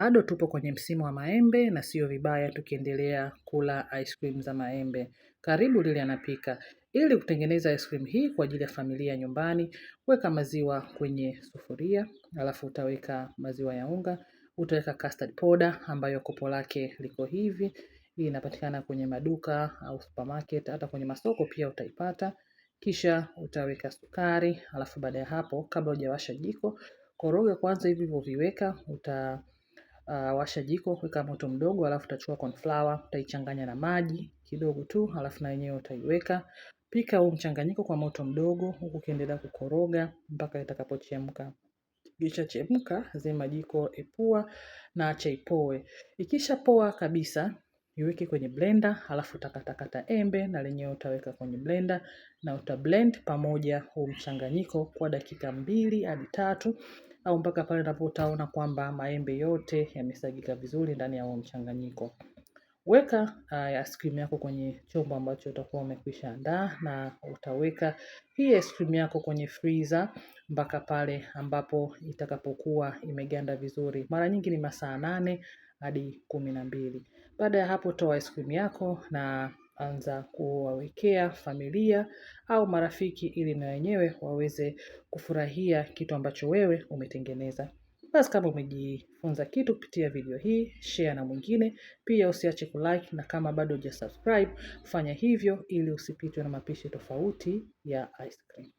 Bado tupo kwenye msimu wa maembe na sio vibaya tukiendelea kula ice cream za maembe. Karibu Lili anapika. Ili kutengeneza ice cream hii kwa ajili ya familia nyumbani, weka maziwa kwenye sufuria, alafu utaweka maziwa ya unga, utaweka custard powder ambayo kopo lake liko hivi. Hii inapatikana kwenye maduka au supermarket, hata kwenye masoko pia utaipata. Kisha utaweka sukari, alafu baada ya hapo, kabla hujawasha jiko, koroga kwanza hivi ulivyoweka, uta Uh, ah, washa jiko, weka moto mdogo, alafu utachukua corn flour utaichanganya na maji kidogo tu, alafu na yenyewe utaiweka. Pika huu mchanganyiko kwa moto mdogo, huku ukiendelea kukoroga mpaka itakapochemka. Kisha chemka, zima jiko, epua na acha ipoe. Ikisha poa kabisa, iweke kwenye blender, halafu utakatakata embe na lenyewe utaweka kwenye blender na uta blend pamoja huu mchanganyiko kwa dakika mbili hadi tatu au mpaka pale unapo utaona kwamba maembe yote yamesagika vizuri ndani ya huo mchanganyiko. Weka uh, ice cream yako kwenye chombo ambacho utakuwa umekwisha andaa na utaweka hii ice cream yako kwenye freezer mpaka pale ambapo itakapokuwa imeganda vizuri. Mara nyingi ni masaa nane hadi kumi na mbili. Baada ya hapo, toa ice cream yako na anza kuwawekea familia au marafiki ili na wenyewe waweze kufurahia kitu ambacho wewe umetengeneza. Basi kama umejifunza kitu kupitia video hii, share na mwingine. Pia usiache kulike na kama bado hujasubscribe, fanya hivyo ili usipitwe na mapishi tofauti ya ice cream.